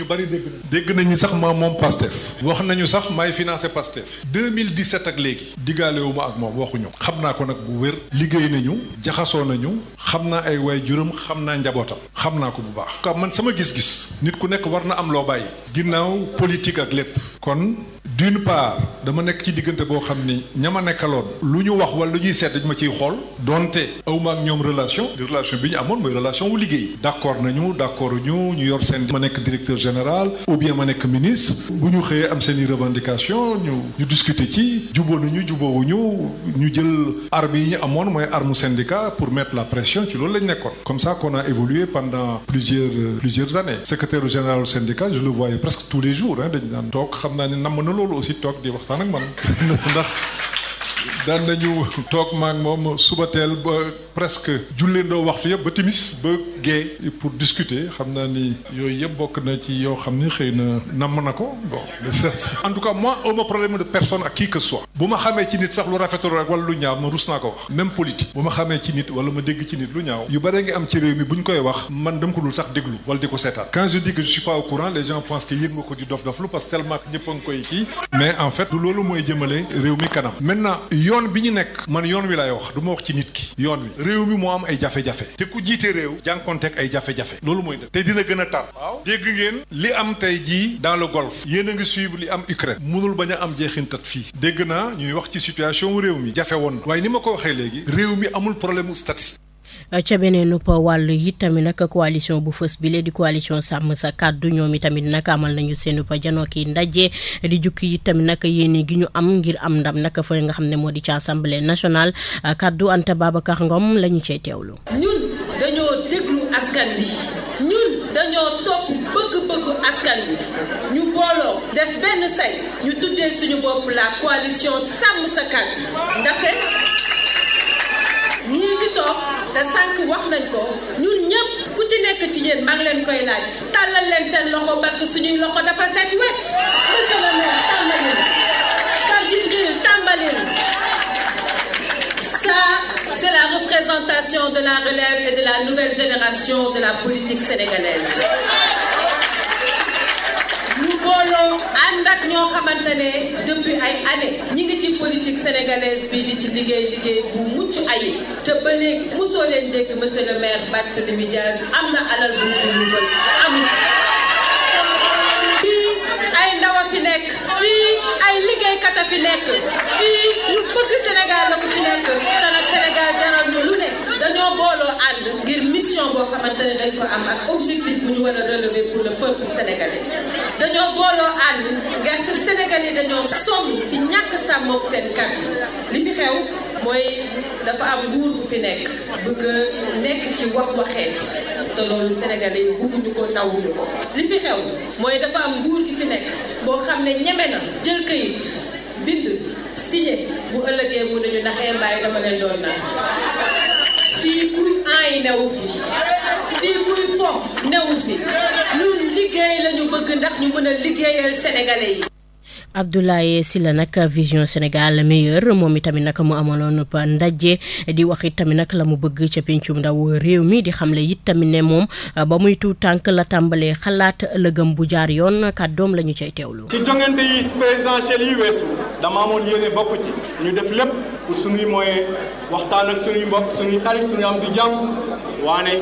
ñu bari dégg nañu. dégg nañu sax maa moom Pastef. wax nañu sax maay financé Pastef. 2017 ak léegi. digaale wu ma ak moom waxuñu. xam naa ko nag bu wér. liggéey nañu. jaxasoo nañu. xam naa ay waay juróom xam naa njabootam. xam naa ko bu baax. ka man sama gis-gis. nit ku nekk war na am loo bàyyi. ginnaaw politique ak lépp. kon d'une part dama nekk ci diggante boo xam ni ña ma nekkaloon lu ñu wax wala lu ñuy seet dañ ma ciy xool donte awma ak ñoom relation di relation bi ñu amoon mooy relation wu liggéey d' accord nañu d' accord ñu ñu yor seen ma nekk directeur général ou bien ma nekk ministre bu ñu xëyee am seen i revendication ñu ñu discuter ci juboo nañu juboowuñu ñu jël arme yi ñu amoon mooy arme syndicat pour mettre la pression ci loolu lañ nekkoon comme ça qu'on a évolué pendant plusieurs plusieurs années secrétaire général syndicat je le voyais presque tous les jours d aussi toog di waxtaan ak man ndax daan nañu toog maak moom suba teel ba presque julleendoo waxtu yëpp ba timis ba gée pour discuter xam naa ni yooyu yëpp bokk na ci yoo xam ni xëy na namm na ko bon en tout cas moi awma problème de personne ma xamee ci nit sax lu rafetul rek lu ñaaw ma rus naa ko wax même politique bu ma xamee ci nit wala ma dégg ci nit lu ñaaw yu bare ngi am ci réew mi bu ñu koy wax man dem ko dul sax déglu wala di ko seetaan quand je dis ko je suis pas au courant les gens pensent que yëg nga ko di dof doflu parce que tellement ñëpp a koy kii mais fait loolu mooy jëmale réew mi kanam yoon bi ñu nekk man yoon wi laay wax duma wax ci nit ki yoon wi réew mi moo am ay jafe-jafe te ku jiite réew jànkonteeg ay jafe-jafe loolu mooy dëgg te dina gën a tar waaw dégg ngeen li am tey jii dans le golfe yéen a ngi suivre li am Ukraine mënul bañ am jeexintat fii dégg naa ñuy wax ci situation réew mi jafe woon waaye ni ma ko waxee léegi réew mi amul problème statistique ca beneen wàll yi tamit coalition bu fës bile di coalition sàmm sa kàddu ñoom itamit nag amal nañu seen pa janoo ki ndaje di jukki itamit nag yéene gi ñu am ngir am ndam nag fa nga xam ne moo di ci assemblée nationale kàddu Anta Babacar Ngom lañu ñu cee teewlu. ñun dañoo déglu askan bi ñun dañoo topp bëgg-bëggu askan bi ñu booloo def benn say ñu tuddee suñu bopp la coalition sàmm sa kàddu ndaxte. mii fi toog te sànq wax nañ ko ñun ñëpp ku ci nekk ci yéen maa leen koy laaj tàllal leen seen loxo parce que suñuy loxo dafa set wecc monsieur le maire tàmbalil Kabdine Gueye tàmbalil ça c'est la représentation de la relève et de la nouvelle génération de la politique sénégalaise mbooloo ànd ak ñoo xamante ne depuis ay années ñi ngi ci politique sénégalaise bi di ci liggéey liggéey bu mucc ayib te ba léegi mosoo leen dégg monsieur le maire Barthélémy Dias am na alal bu ñu ko fii ay ndaw a fi nekk fii ay liggéeykat a fi nekk ambition boo xamante ne dañ ko am ak objectif bu ñu war a relever pour le peuple sénégalais dañoo booloo ànd gerte sénégalais dañoo sonn ci ñàkk sàmmoog seen kàddu li fi mooy dafa am nguur fi nekk bëgg nekk ci wax waxeet te loolu ko nawuñu ko li fi xew mooy dafa am nguur gi fi nekk boo xam ne ñeme na jël kayit bind signé bu ëllëgee mu ne ñu naxee mbaay dama leen doon naan fii kuy aay newu fi fii liggéey lañu bëgg ndax ñu mën liggéeyal sénégalais yi. Abdoulaye Sylla nag vision Sénégal meilleur moom itamit nag mu amaloon ba ndaje di wax it tamit nag la mu bëgg ca pincu ndaw réew mi di xamle it tamit ne moom ba muy tuut tànk la tàmbalee xalaat lëgëm bu jaar yoon kàddoom lañu cay teewlu. ci jongante yi présidentielle yi weesu dama amoon yéene bokk ci ñu def lépp. pour suñuy moyen waxtaan ak suñuy mbokk suñuy xarit suñu am di jàmm waane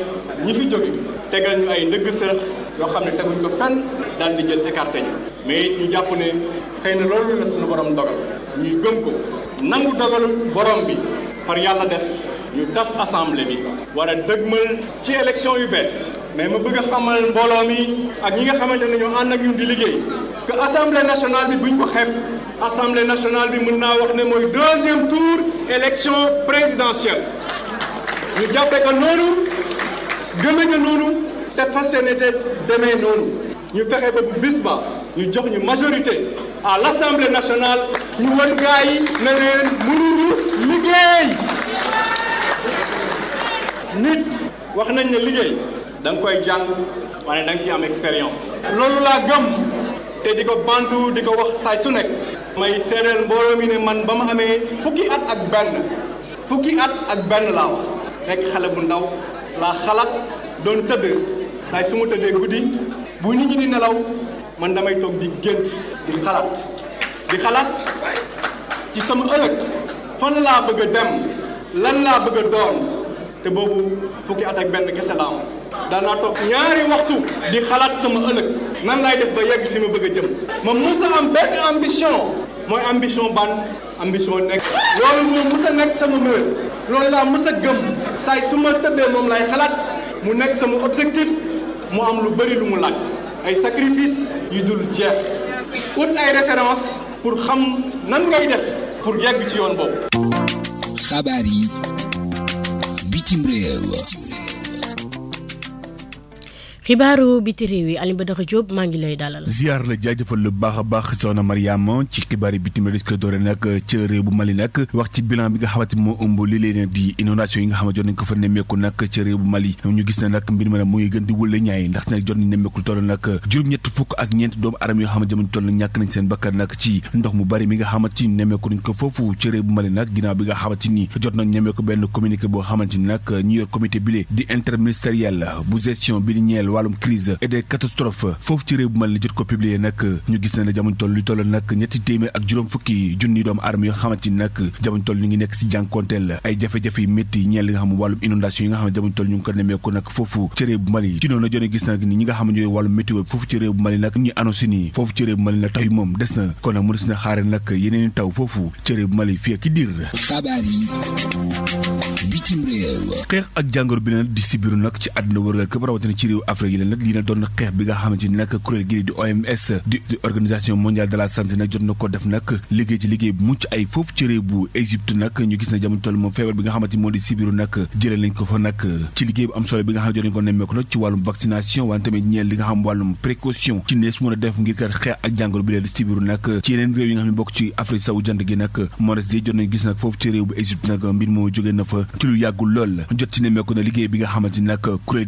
ñi fi jóge tegal ñu ay ndëgg sërëx yoo xam ne teguñ ko fenn daal di jël écarté mais ñu jàpp ne xëy na loolu la suñu borom dogal ñuy gëm ko nangu dogalu borom bi far yàlla def ñu tas assemblée bi war a dëgmal ci élection yu bees mais ma bëgg a xamal mbooloo mi ak ñi nga xamante ne ñoo ànd ak ñun di liggéey que assemblée nationale bi buñ ko xeeb assemblée nationale bi mun naa wax ne mooy deuxième tour élection présidentielle ñu jàppee ko noonu gëme ko noonu te fas yéene te demee noonu ñu fexe ba bu bis ba ñu jox ñu majorité à l' assemblée nationale ñu wan gaa yi ne leen liggéey nit wax nañ ne liggéey da koy jàng waaye da nga ciy am expérience loolu laa gëm te di ko bantu di ko wax saay su nekk may seedeel mbooloo mi ne man ba ma amee fukki at ak benn fukki at ak benn laa wax nekk xale bu ndaw laa xalaat doon tëdd saay su ma tëddee guddi bu nit ñi di nelaw man damay toog di gént di xalaat di xalaat ci sama ëllëg fan laa bëgg a dem lan laa bëgg a doon te boobu fukki at ak benn kese laa danaa toog ñaari waxtu di xalaat sama ëllëg nan lay def ba yegg fi ma bëgg a jëm ma mës am benn ambition mooy ambition ban ambition nekk loolu moom mës a nekk sama mébét loolu laa mës a saa saay su ma tëddee moom laay xalaat mu nekk sama objectif mu am lu bëri lu mu laaj ay sacrifice yu dul jeex ut ay référence pour xam nan ngay def pour yegg ci yoon boobu xabaar yi bitim réew xibaaru biti réew yi Alioune Badara Diop maa ngi lay dalal. ziar la jaajëfal lu baax a baax soxna Mariama ci xibaar yi bitim réew ko doore ca réew bu Mali nag wax ci bilan bi nga xamante moo ëmb li leen di inondation yi nga xamante jot nañ ko fa nemmeeku nag ca réew bu Mali ñu gis ne nag mbir ma nag mu ngi gën di wëlle ñaay ndax nag jot nañ nemmeeku toll nag juróom-ñett fukk ak ñeent doomu aadama yoo xamante jamono toll na ñàkk nañ seen bakkan nag ci ndox mu bari nga xamante nemmeeku nañ ko foofu ca réew bu Mali nag ginnaaw bi nga xamante ni jot nañ nemmeeku benn communiqué boo xamante ni nag ñu yor comité bi di interministériel bi wàllum crise et des catastrophes foofu ci réew bu mel ni jot ko publier nag ñu gis ne ne jamono toll lu toll nag ñetti téeméer ak juróom fukki junni doomu aadama yoo xamante ni nag jamono toll ñu ngi nekk si jànkonteel ay jafe-jafe yu métti ñeel li nga xam wàllum inondation yi nga xam ne jamono toll ñu ngi ko nemeeku nag foofu ci réew bu Mali ci noonu jone gis nag ni ñi nga xam ne ñooy wàllum météo foofu ci réew bu Mali nag ñu annoncé nii foofu ci réew bu Mali nag taw yi moom des na kon nag mu des na xaare nag yeneen i taw foofu ci réew bu Mali fii ak diir xabaar yi bitim réew xeex ak jàngoro bi nag di sibiru nag ci àdduna wërgal képp rawatina ci réew Afrique yi la nag lii nag doon na xeex bi nga xamante ni nag kuréel gi di OMS di organisation mondiale de la santé nag jot na ko def nag liggéey bi nga xamante ci liggéey bu a gi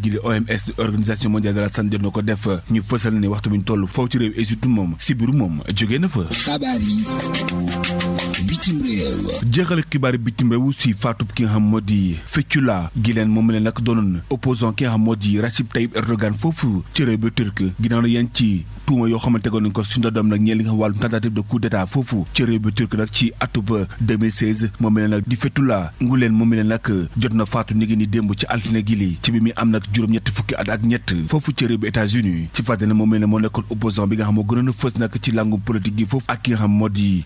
di OMS di organisation organisation mondiale de la santé jot ko def ñu fësal ne waxtu bi ñu toll foofu ci réew Égypte moom sibiru moom jógee na fa. xabaar bitim réew jeexale xibaari bitim réew si faatub ki nga xam moo di Fethullah Gülen moom leen nag doonoon opposant ki nga xam moo di Recep Tayyip Erdogan foofu ci réew bi turc ginnaaw na yéen ci tuuma yoo xamante goon nañ ko su ndodoom nag ñeel li nga xam wàllum tentative de coup d'état foofu ci bi turc nag ci atub 2016 moom leen nag di Fethullah Gülen moom leen nag jot na faatu ni ngi démb ci altine gi li ci bi muy am nag juróom-ñetti fukki at ak ñett foofu ci réew moo moo gënoon a fës nag ci làngum politique gi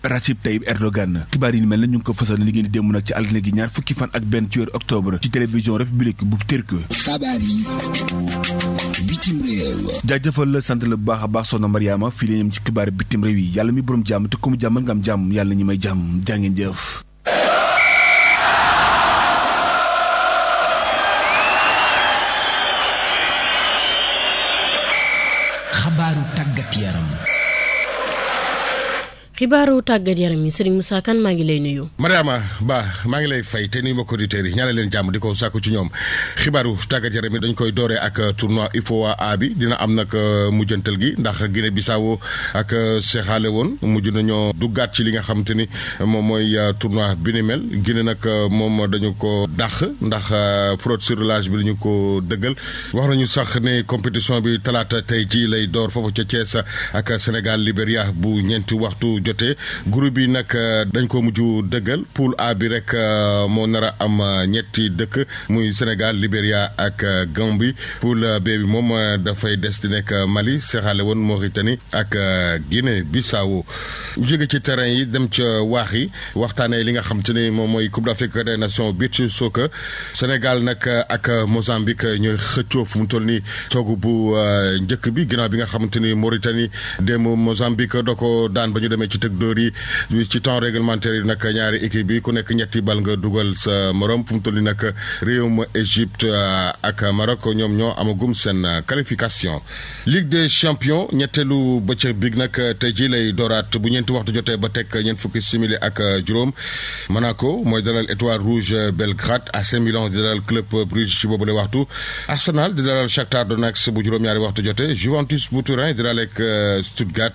xibaar yi mel na ñu ko fësal ni ngeen di démb nag ci altine gi ñaar fukki fan ak benn ci weeru octobre ci télévision république bu Turquie. xabaar yi bitim réew. jaajëfal la sant la bu baax a baax soxna Mariama fii la ñam ci xibaar bitim réew yi yàlla mi borom jàmm te ku mu jàmmal nga am jàmm yàlla ñi may jàmm jàngeen jëf. xibaaru tàggat yaram yi Serigne Moussa Kane maa ngi lay nuyu. Mariama Ba maa ngi lay fay te ni mbokki auditeurs yi ñaanal leen jàmm di ko sàkku ci ñoom xibaaru tàggat yaram yi dañ koy dooree ak euh, tournoi UFOA A bi dina am nag euh, mujjantal gi ndax Guinée Bissau ak euh, seexaale woon mujj nañoo duggaat ci li nga xam te ni moom mooy tournoi bi ni mel Guinée nag moom dañu ko dàq ndax fraude sur l'âge bi dañu ko dëggal wax nañu sax ne compétition bi talaata tey ci lay door foofu ca Thiès ak Sénégal Libéria bu ñeenti waxtu. jotee groupe yi nag euh, dañ ko mujj dëggal poule A bi rek euh, moo nar a am euh, ñetti dëkk muy Sénégal Libéria ak Gambie poule B bi moom dafay des di nekk Mali Sierra Leone Mauritanie ak Guinée Bissau jóge ci terrain yi dem ca waax yi waxtaanee li nga xam te ni moom mooy Coupe d'Afrique des Nations beach soccer Sénégal nag ak Mozambique ñooy xëccoo fu mu toll nii toogu bu njëkk bi ginnaaw bi nga xamante ni Mauritanie démb Mozambique doo ko daan ba demee ci ci tëg dóor yi ci temps réglementaire yi nag ñaari équipe yi ku nekk ñetti bal nga dugal sa morom fu mu toll nii nag réewum Égypte euh, ak Maroc ñoom ñoo amagum seen qualification. Ligue des champions ñetteelu bëccëg big nag tey jii lay dooraat bu ñeenti waxtu jotee ba teg ñeent fukki simili ak juróom Monaco mooy dalal étoile rouge Belgrade AC Milan di dalal club Bruges ci boobu lay waxtu Arsenal di dalal Shakhtar Donetsk bu juróom-ñaari waxtu jotee Juventus bu Turin di dalal ak euh, Stuttgart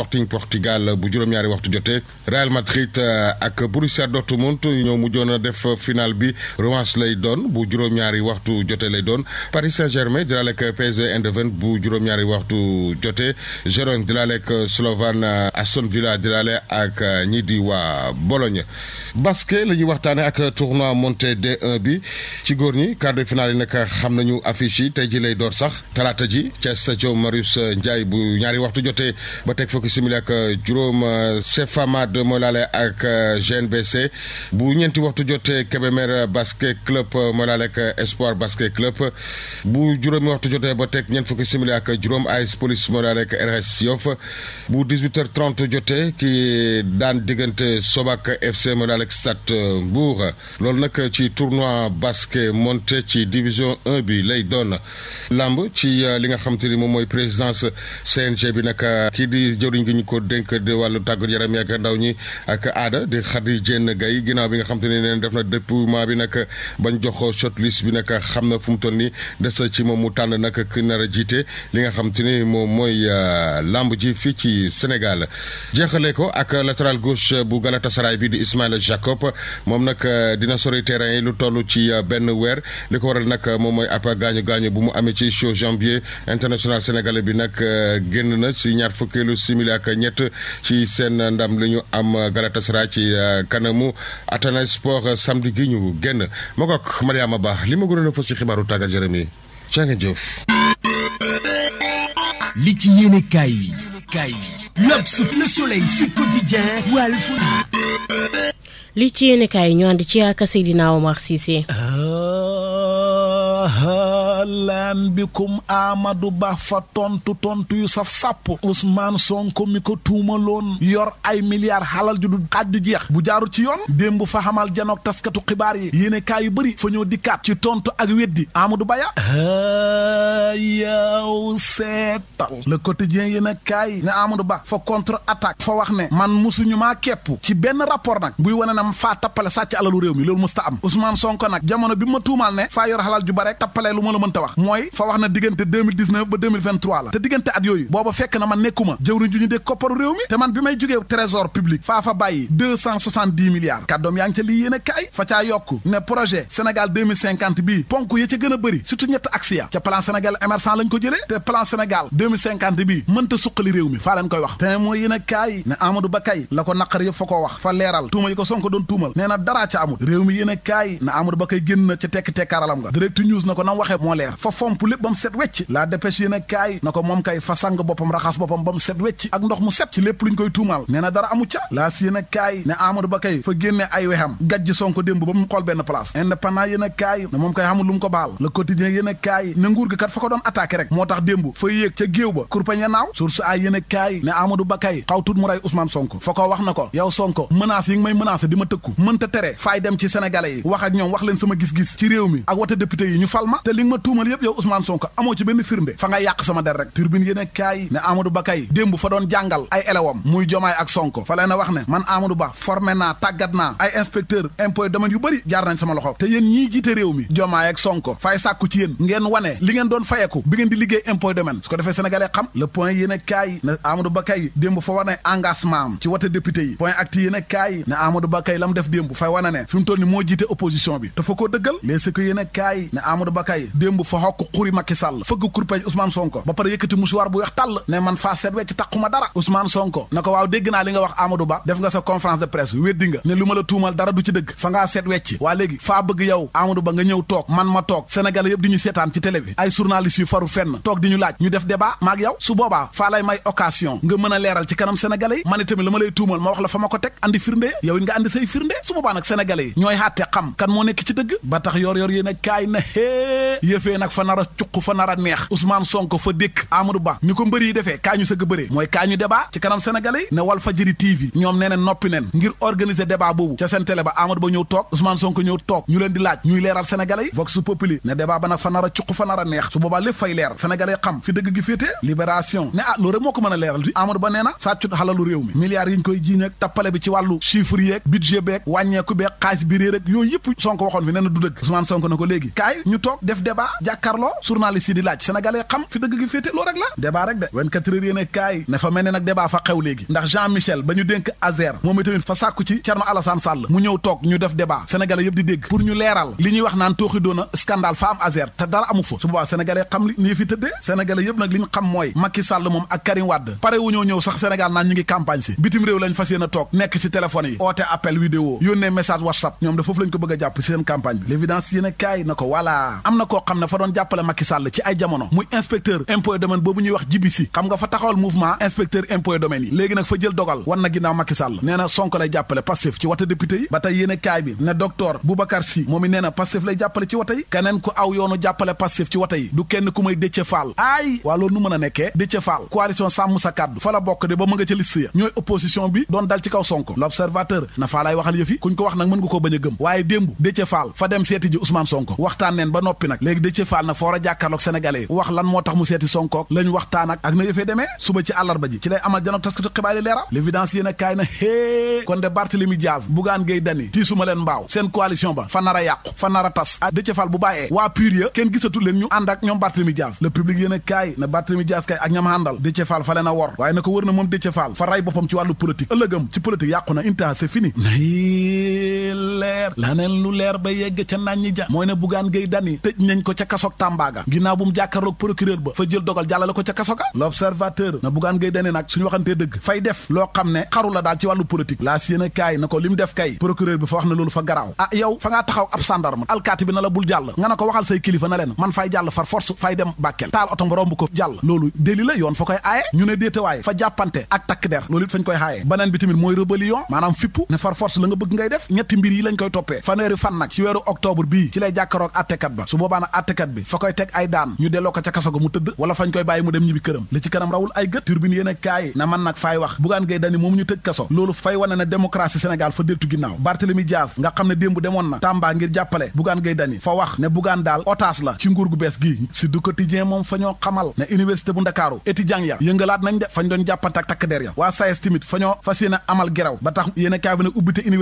Sporting Portugal bu juróom-ñaari waxtu jotee Real Madrid euh, ak Borussia Dortmund ñoo mujjoon a def final bi revanche lay doon bu juróom-ñaari waxtu jotee lay doon Paris Saint-Germain di laaleeg PSV Eindhoven bu juróom-ñaari waxtu jotee Gérone di laaleeg Slovan euh, Aston Villa di laale ak euh, ñii di waa Bologne. basket la ñuy waxtaanee ak tournoi montée D1 bi ci góor ñi quart de finale yi nag xam nañu affiche yi tey ji lay door sax talaata ji ca stade Marius Ndiaye bu ñaari waxtu jotee fukki simili ak euh, juróom euh, Cefamad moo laale ak euh, GNBC bu ñeenti waxtu jotee Kébémer basket club moo laale ak Espoir basket club bu juróomi waxtu jotee ba teg ñeent fukki simili ak juróom AS Police moo laale ak RS Yoff bu 18 h jotee ki daan diggante Sobak FC moo laale ak Stade Mbour loolu nag ci tournoi basket monté ci division bi lay doon lamb ci li nga xam te ni moom mooy présidence CNG bi nag kii di jëriñ jëwriñ gi ñu ko dénk di wàllu tàggat yaram ak ndaw ñi ak aada di Khady Diène Gaye ginnaaw bi nga xam te ni neen def na dépouillement bi nag bañ jox shortlist bi nag xam na fu mu toll nii des ci moom mu tànn nag ki nar a jiite li nga xam te ni moom mooy euh, lamb ji fii ci Sénégal jeexale ko ak latéral gauche bu Galatasaray bi di Ismail Jacob moom nag euh, dina sori terrain yi lu toll ci euh, benn weer li ko waral nag moom mooy ab gaañu gaañu bu mu amee ci show janvier bi nag génn na si ñaar fukkeelu simi simili ak ñett ci seen ndam li ñu am Galatasaray ci euh, kanamu Atanaspor samedi gi ñu génn ma kook Mariama Ba li ma gënoon a fës ci xibaaru tàggat jërëm yi caa ngeen li ci leen bikum Amadou Ba fa tontu tontu yu saf sàpp Ousmane Sonko mi ko tuumaloon yor ay milliards xalal ju du xajju jeex bu jaaru ci yoon démb fa xamal janook taskatu xibaar yi yéene kaay yu bëri fa ñoo dikkaat ci tontu ak weddi Amadou Ba ya yow seetal le quotidien yéene kaay ne Amadou Ba fa contre attaque fa wax ne man musuñu maa képp ci benn rapport nag buy wane na faa tappale sàcc alalu réew mi loolu musta am Ousmane Sonko nag jamono bi ma tuumal ne faa yor xalal ju bare tappale lu ma la mënta wax mooy fa wax na diggante 2019 ba 2023 la te diggante at yooyu booba fekk na ma nekkuma jëwriñ ju ñu dee kopparu réew mi te man bi may jógee trésor public faa fa bàyyi 270 milliards yaa ngi ca lii yéen a kaay fa caa yokk ne projet Sénégal 2050 ponk ya ca gën a bëri surtout ñett axe ya ca plan Sénégal émergent lañ ko jëlee te plan Sénégal 2050 bii mënta suqali réew mi faa leen koy wax te mooy yéen a kaay ne Ba kay la ko naqar yëpp fa koo wax fa leeral tuuma yi ko Sonko doon tuumal nee na daraa ca amul réew mi yéen a kaay ne Amadou Ba kay nga direct na ko nam waxee moo leer fa fomp lépp ba mu set wecc la dépêche yéen kaay na ko moom kay fa sang boppam raxas boppam ba mu set wecc ak ndox mu set ci lépp luñ koy tuumaal nee na dara amu ca laas yéen a kaay ne Amadou Ba kay fa génne ay wexam gàjj Sonko démb ba mu xool benn place indépendant yéen a kaay ne moom kay xamul lu ko baal le quotidien yéen a kaay ne nguur gi kat fa ko doon attaqué rek moo tax démb fa yéeg ca géew ba kurpañe naaw source ay yéen kaay ne Amadou Ba kay wax na ko yow Sonko menace yi ngi may menacé di ma tëkku mënta tere faay dem ci gis-gis loolu yëpp yow Ousmane Sonko amoo ci benn firnde fa nga yàq sama der rek turbine yéen kaay ne Amadou Ba kay démb fa doon jàngal ay élewam muy jomaay ak Sonko fa leen wax ne man Amadou Ba formé naa tàggat naa ay inspecteur impôt domaine yu bëri jaar nañ sama loxo te yéen ñii jiite réew mi jomaay ak Sonko fay sàkku ci yéen ngeen wane li ngeen doon fayeku bi ngeen di liggéey impôt domaine su ko defee sénégalais xam le point yéen kaay ne Amadou Ba yi point acti yéen kaay ne Amadou Ba kay la mu def démb fay wane ne fi mu toll ni moo bi te fa koo kaay ne Amadou Ba kay démb xokk xuri Macky Sall fëgg kurpeñ Ousmane Sonko ba pare yëkkati musuwaar bu weex tàll ne man faa seet wecc taquma dara Ousmane Sonko na ko waaw dégg naa li nga wax Amadou Ba def nga sa conférence de presse weddi nga ne lu ma la tuumal dara du ci dëgg fa ngaa seet wecc waa léegi faa bëgg yow Amadou Ba nga ñëw toog man ma toog Sénégalais yëpp di ñu seetaan ci télé bi ay journalistes yu faru fenn toog di ñu laaj ñu def débat maag yow su boobaa faa lay a leeral ci kanam Sénégalais yi man itamit la ma lay tuumal ma wax la fa ma ko moo nekk ci dëgg ba tax yor yor a kaay ak fa nar a cuq fa nar a neex Ousmane Sonko fa dékk Amadou Ba ni ko mbër yi defee kaa ñu sëgg bëree mooy kaa ñu débat ci kanam sénégalais yi ne Walf Fadjri TV ñoom nee neen noppi nen ngir organiser débat boobu ca seen télé ba Amadou Ba ñëw toog Ousmane Sonko ñëw toog ñu leen di laaj ñuy leeral sénégalais yi vox populi ne débat ba nag fa nar a cuq fa nar a neex su boobaa lépp fay leer sénégalais xam fi dëgg gi féete libération ne ah loolu rek moo ko mën a leeral di Amadou Ba nee na sàccut yooyu yëpp Sonko waxoon fi nee na du dëgg Ousmane jàkkaarloo journaliste yi di laaj sénégalais xam fi dëgg gi féete loo rek la débat rek de 24 heures yéene kaay ne fa mel ne nag fa xew léegi ndax Jean Michel ba ñu dénk Azer moom itamit fa sàkku ci Thierno Alassane Sall mu ñëw toog ñu def débat sénégalais yëpp di dégg pour ñu leeral li ñuy wax naan tooxi doona scandale fa am Azer te dara amu fa su boobaa sénégalais xam nag li ñu xam mooy Macky Sall moom ak Karim Wade pare wu ñoo ñëw sax Sénégal doon ci ay jamono muy inspecteur impôt domaine boobu ñuy wax jibi xam nga fa taxawal mouvement inspecteur impôt domaine yi léegi nag fa jël dogal war na ginnaaw Macky Sall Sonko lay jàppale Pastef ci wata député yi ba tey yéene kaay bi ne docteur Boubacar Sy moom i nee na lay jàppale ci wata yi keneen ku aw yoonu jàppale Pastef ci wata yi du kenn ku may Déthié aay waa loolu nu mën a nekkee Déthié Fall coalition sàmm sa kàddu fa la Fall fa war a jàkkaarloog sénégalais wax lan moo tax mu seeti Sonko lañ waxtaan ak ak na yëfee demee suba ci àllarba ji ci lay amal janob taskatu xibaar yi leeral l'évidence na hée kon de Barthélemy Diaz Bougane Gueye Dany tiisuma leen mbaaw seen coalition ba fa nar a yàqu fa nar a tas ah Déthié bu bàyyee waaye na ko wër na moom Déthié Fall fa ray boppam ci wàllu politique ëllëgam ci politique yàqu na intaha c'est fini nay leer laneen lu leer ba yegg kasoog Tamba ga ginnaaw bu ba fa jël dogal jàllale ko ca kaso ga l'observateur na buggaan ngay dane nag suñu waxantee dëgg fay def loo xam ne xaru daal ci wàllu politique laa si na ko li def kay procureur bi fa wax ne loolu fa garaaw ah yow fa ngaa taxaw ab sandarma alkaati bi na la bul jàll nga na ko waxal say kilifa na leen man fay jàll far force fay dem Bakel taal oto ba romb ko jàll loolu déli yoon fa koy aaye ñu ne bi fa koy teg ay daan ñu delloo ko ca kaso ga mu tëdd wala fañ koy bàyyi mu dem ñibbi këram li ci kanam rawul ay gët turbine yéen a kaay na man nag faay wax bugaan gay dani moom ñu tëj kaso loolu fay wane na démocratie Sénégal fa deltu ginnaaw Barthélemy Dias nga xam ne démb demoon na Tamba ngir jàppale bugaan gay dani fa wax ne bugaan daal otaas la ci nguur gu bees gi si du quotidien moom fa ñoo xamal ne université bu Ndakaaru étudiant ya yëngalaat nañ de fañ doon jàppante ak takk der ya waa SAES timit fa ñoo fas yéene amal geraw ba tax yéen bi ne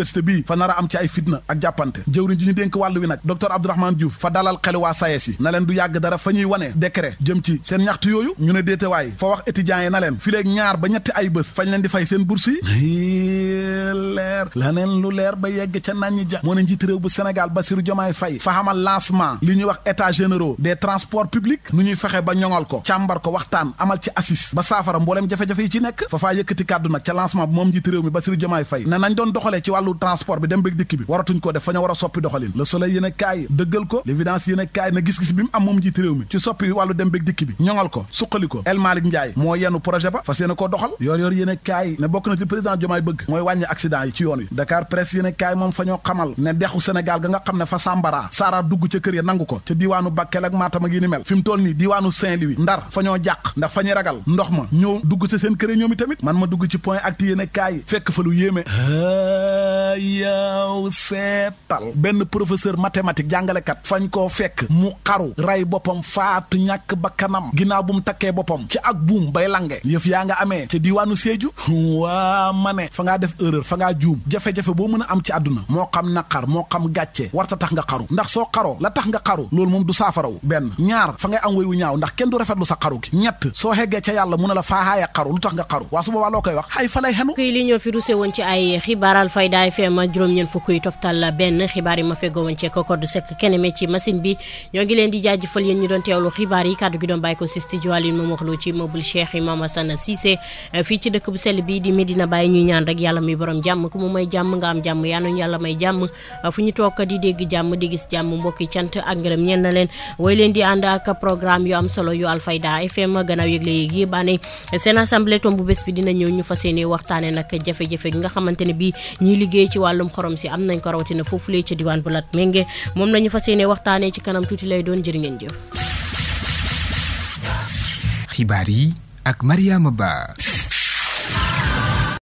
a ay fitna ak jàppante jëwriñ ji ñu wi nag docteur Abdourahmane Diouf fa dalal xelu waa yi na leen du yàgg dara fa ñuy wane décret jëm ci seen ñaxtu yooyu ñu ne déetewaay fa wax étudiants yi na leen fileek ñaar ba ñetti ay bés fa leen di fay seen bourse yi leer lu leer ba yegg ca nañ ja moo ne njiit réew bu Sénégal Bassirou Diomaye Faye fa xamal lancement li ñuy wax état généraux des transports publics nu ñuy fexe ba ñoŋal ko càmbar ko waxtaan amal ci assis ba saafara mbooleem jafe-jafe yi ci nekk fa faa yëkkati kàddu nag ca lancement bi moom njiit réew mi Bassirou Diomaye Faye ne nañ doxalee ci wàllu transport def fa ñu war a soppi na gis gis-gis bi mu am moom njiit réew mi ci soppi wàllu dem beeg dikk bi ñoŋal ko suqali ko El Malick Ndiaye moo yenu projet ba fas yéene koo doxal yoor yoor yéen kaay ne bokk na ci président Diomaye bëgg mooy wàññi accident yi ci yoon wi Dakar presse yéen kaay moom fa ñoo xamal ne dexu Sénégal ga nga xam ne fa sàmbara saara dugg ca kër ya nangu ko ca diiwaanu Bakel ak Matam ak yi ni mel fi mu nii diiwaanu Saint-Louis ndar fa ñoo jàq ndax fa ñuy ragal ndox ma ma dugg ci point acti yow seetal benn professeur mathématique jàngalekat fañ koo fekk mu xaru ray boppam faatu ñàkk kanam ginnaaw bu mu takkee boppam ci ak buum bay lange yëf yaa nga amee ca diiwaanu Sédhiou waa ma ne fa ngaa def erreur fa ngaa juum jafe-jafe boo mën a am ci àdduna moo xam naqar moo xam gàcce warta tax nga xaru ndax soo xaroo la tax nga xaru loolu moom du saafarawu benn ñaar fa ngay am woy wu ñaaw ndax kenn du rafetlu sa xaru gi ñett soo xeggee ca yàlla mu ne la fa lay FM juróom-ñeent fukk yi toftal benn xibaar yi ma feggoo woon ci Codou Seck keneen ci machine bi ñoo ngi leen di jaajëfal yéen ñu doon teewlu xibaar yi kàddu gi doon bàyyi ko si studio Aline eh, fii ci dëkk bu sell bi di Medina Baye ñuy ñaan rek yàlla may jàmm eh, fu ñu toog di dégg jàmm di gis jàmm mbokki cant ak ngërëm ñeen na leen way leen di ànd ak programme yu am solo yu Alfayda FM gannaaw yëgle yéegi baane seen assemblée tombu bés bi dina ñëw ñu bi ñuy ci wàllum xorom si am nañ ko rawatina foofu lay ci diwaan bu Latmingué moom la ñu fas yéene waxtaanee ci kanam tuuti lay doon jërë ngeen jëf. xibaar yi ak Mariama Ba.